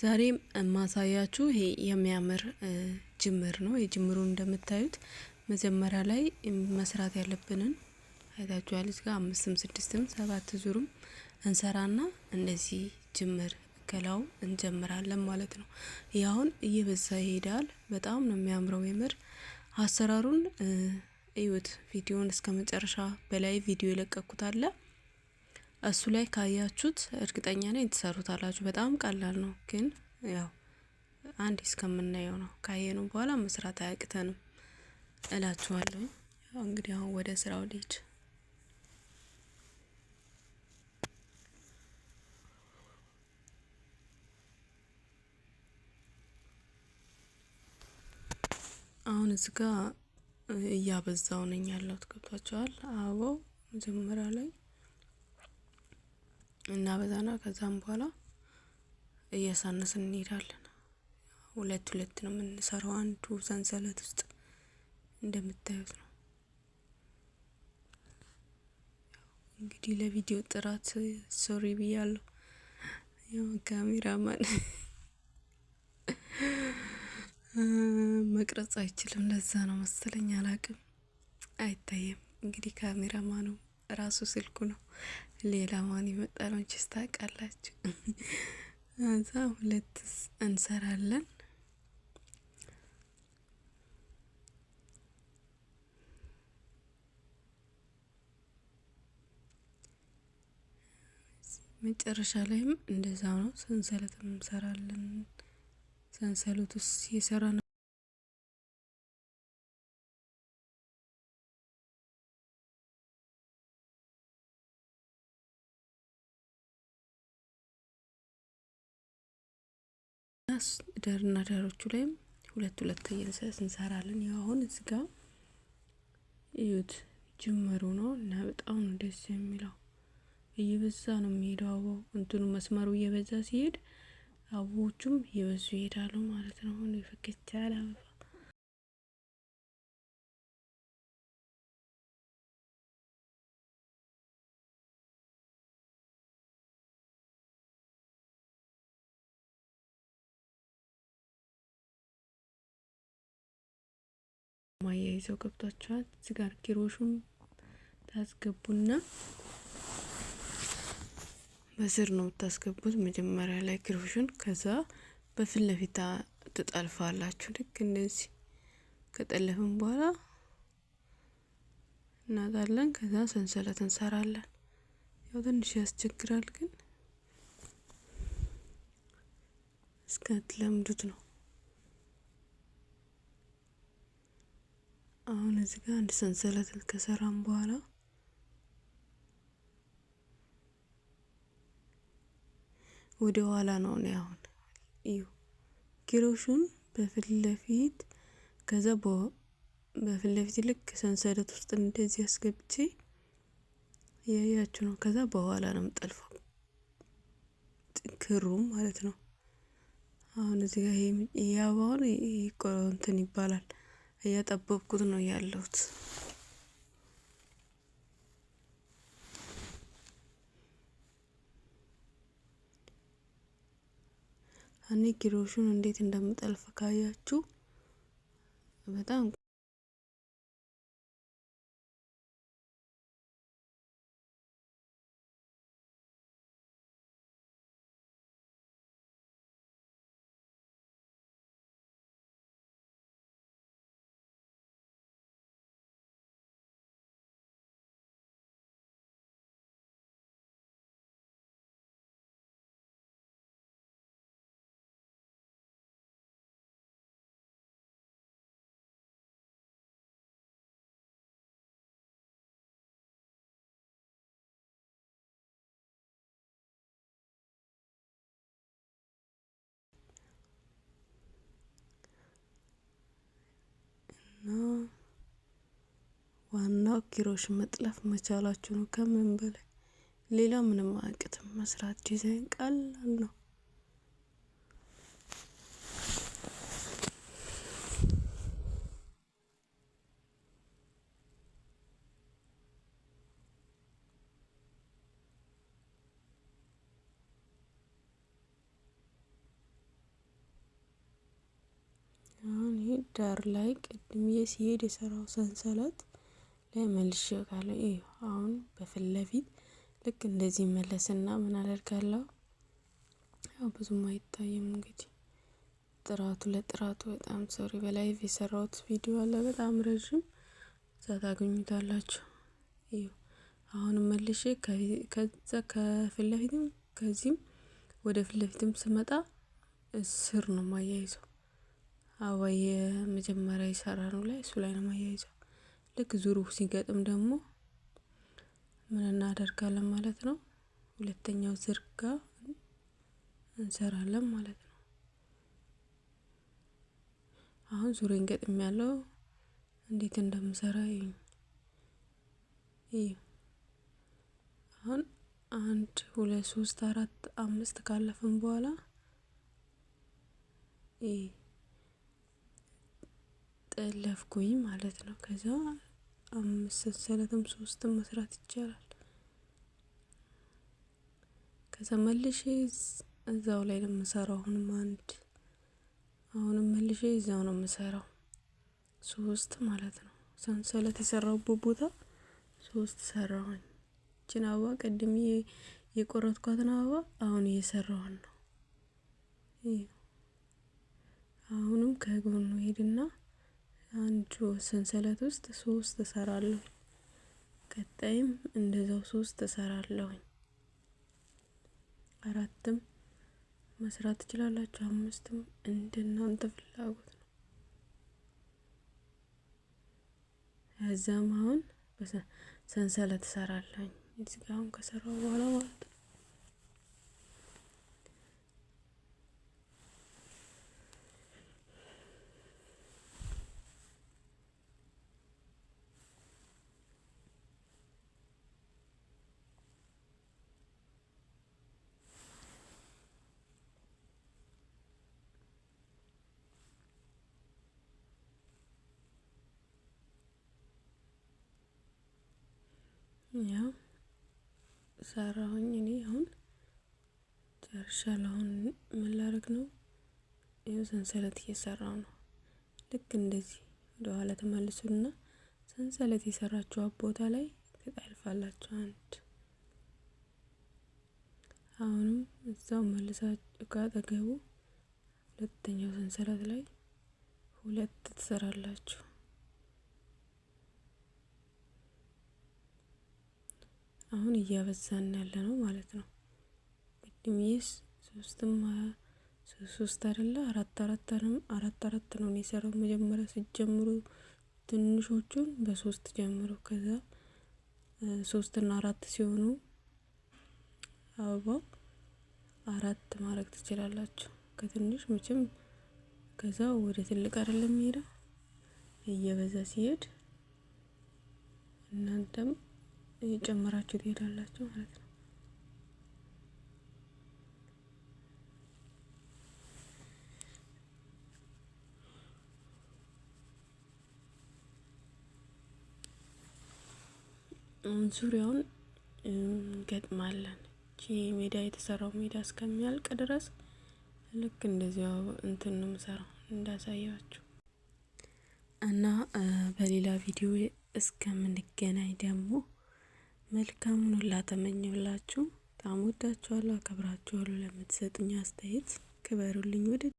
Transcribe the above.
ዛሬም ማሳያችሁ ይሄ የሚያምር ጅምር ነው። የጅምሩ እንደምታዩት መጀመሪያ ላይ መስራት ያለብንን አይታችኋል። እዚህ ጋር አምስትም ስድስትም ሰባት ዙርም እንሰራና እንደዚህ ጅምር ገላው እንጀምራለን ማለት ነው። ይህ አሁን እየበዛ ይሄዳል። በጣም ነው የሚያምረው። የምር አሰራሩን እዩት። ቪዲዮን እስከ መጨረሻ በላይ ቪዲዮ የለቀኩት እሱ ላይ ካያችሁት እርግጠኛ ነኝ ትሰሩታላችሁ። በጣም ቀላል ነው፣ ግን ያው አንድ እስከምናየው ነው። ካየኑ በኋላ መስራት አያቅተንም እላችኋለሁ። እንግዲህ አሁን ወደ ስራው ልሂድ። አሁን እዚህ እያበዛው ነኝ ያለሁት ገብቷቸዋል። አበባው መጀመሪያ ላይ እናበዛና ከዛም በኋላ እያሳነስን እንሄዳለን። ሁለት ሁለት ነው የምንሰራው አንዱ ሰንሰለት ውስጥ እንደምታዩት ነው። እንግዲህ ለቪዲዮ ጥራት ሶሪ ብያለሁ። ያው ካሜራማን መቅረጽ አይችልም፣ ለዛ ነው መሰለኝ አላቅም፣ አይታየም። እንግዲህ ካሜራማኑ ራሱ ስልኩ ነው። ሌላ ማን የመጣ ነው ታውቃላችሁ። እዛ ሁለት እንሰራለን። መጨረሻ ላይም እንደዛ ነው። ሰንሰለት እንሰራለን። ሰንሰለት ውስጥ የሰራ ዳርና ዳሮቹ ላይም ሁለት ሁለት እንሰራለን። ያው አሁን እዚህ ጋ እዩት ጅምሩ ነው እና በጣም ነው ደስ የሚለው። እየበዛ ነው የሚሄደው አበባው እንትኑ መስመሩ እየበዛ ሲሄድ አበቦቹም እየበዙ ይሄዳሉ ማለት ነው። አሁን ፈገግታ ያለ አበባ አያይዘው ገብቷቸዋል። እዚህ ጋር ኪሮሹም ታስገቡና በስር ነው የምታስገቡት መጀመሪያ ላይ ኪሮሹን፣ ከዛ በፊት ለፊት ትጠልፋላችሁ። ልክ እንደዚህ ከጠለፍን በኋላ እናጣለን። ከዛ ሰንሰለት እንሰራለን። ያው ትንሽ ያስቸግራል፣ ግን እስከ ትለምዱት ነው። እዚህ ጋር አንድ ሰንሰለት ከሰራም በኋላ ወደ ኋላ ነው ነው አሁን እዩ ኪሮሹን በፊት ለፊት ከዛ በፊት ለፊት ልክ ሰንሰለት ውስጥ እንደዚህ አስገብቼ እያያችሁ ነው። ከዛ በኋላ ነው የምጠልፈው ክሩም ማለት ነው። አሁን እዚህ ጋር ይሄ አበባውን ይቆረንትን ይባላል። እያጠበብኩት ነው ያለሁት። እኔ ኪሮሹን እንዴት እንደምጠልፍ ካያችሁ በጣም ዋናው ኪሮሽ መጥለፍ መቻላችሁ ነው። ከምን በላይ ሌላ ምንም አያቅትም። መስራት ዲዛይን ቀላል ነው። ዳር ላይ ቅድም ሲሄድ የሰራው ሰንሰለት መልሼ እወጣለሁ። ይ አሁን በፊት ለፊት ልክ እንደዚህ መለስና ምን አደርጋለሁ? ያው ብዙም አይታይም እንግዲህ ጥራቱ ለጥራቱ በጣም ሶሪ በላይቭ የሰራሁት ቪዲዮ አለ በጣም ረዥም እዛ ታገኙታላችሁ። ይኸው አሁንም መልሼ ከዛ ከፊት ለፊትም ከዚህም ወደ ፊት ለፊትም ስመጣ ስር ነው ማያይዘው አበባ የመጀመሪያ የሰራ ነው ላይ እሱ ላይ ነው ማያይዘው ልክ ዙሩ ሲገጥም ደግሞ ምን እናደርጋለን ማለት ነው። ሁለተኛው ዝርጋ እንሰራለን ማለት ነው። አሁን ዙሬን ገጥም ያለው እንዴት እንደምሰራ ይሁኝ። አሁን አንድ ሁለት ሶስት አራት አምስት ካለፍን በኋላ ጠለፍኩኝ ማለት ነው ከዛ አምስት ሰንሰለትም ሶስትም መስራት ይቻላል። ከዛ መልሼ እዛው ላይ ነው የምሰራው። አሁንም አንድ አሁንም መልሼ እዛው ነው የምሰራው ሶስት ማለት ነው። ሰንሰለት የሰራሁበት ቦታ ሶስት ሰራሁኝ። እችን አበባ ቀድሜ የቆረጥኳትን አበባ አሁን እየሰራሁን ነው። አሁንም ከጎኑ ሄድና አንዱ ሰንሰለት ውስጥ ሶስት እሰራለሁ። ቀጣይም እንደዛው ሶስት እሰራለሁኝ። አራትም መስራት ትችላላችሁ። አምስትም እንደናንተ ፍላጎት ነው። ከዛም አሁን ሰንሰለት እሰራለሁኝ እዚህ ጋር አሁን ከሰራው በኋላ ማለት ነው ያው ሰራሁኝ። እኔ አሁን ጨርሻለሁ። አሁን ምን ላደርግ ነው? ይኸው ሰንሰለት እየሰራው ነው። ልክ እንደዚህ ወደኋላ ተመልሱና ሰንሰለት የሰራችኋት ቦታ ላይ ትጠልፋላችሁ። አንድ አሁንም እዛው መልሳችሁ ካጠገቡ ሁለተኛው ሰንሰለት ላይ ሁለት ትሰራላችሁ። አሁን እያበዛን ያለ ነው ማለት ነው። ቅድም ይስ ሶስትም ሶስት አደለ አራት አራት አራት አራት ነው የሰራው መጀመሪያ ሲጀምሩ ትንሾቹን በሶስት ጀምሩ። ከዛ ሶስት እና አራት ሲሆኑ አበባው አራት ማድረግ ትችላላችሁ። ከትንሽ መቼም ከዛ ወደ ትልቅ አይደለም ሄደ እየበዛ ሲሄድ እናንተም እየጨመራችሁ ትሄዳላችሁ ማለት ነው። ዙሪያውን ገጥማለን። እቺ ሜዳ የተሰራው ሜዳ እስከሚያልቅ ድረስ ልክ እንደዚያ እንትን ነው እንዳሳያችሁ እና በሌላ ቪዲዮ እስከምንገናኝ ደግሞ መልካሙን ሁሉ ተመኘሁላችሁ። በጣም ወዳችኋለሁ፣ አከብራችኋለሁ። ለምትሰጡኝ አስተያየት ክበሩልኝ። ወደ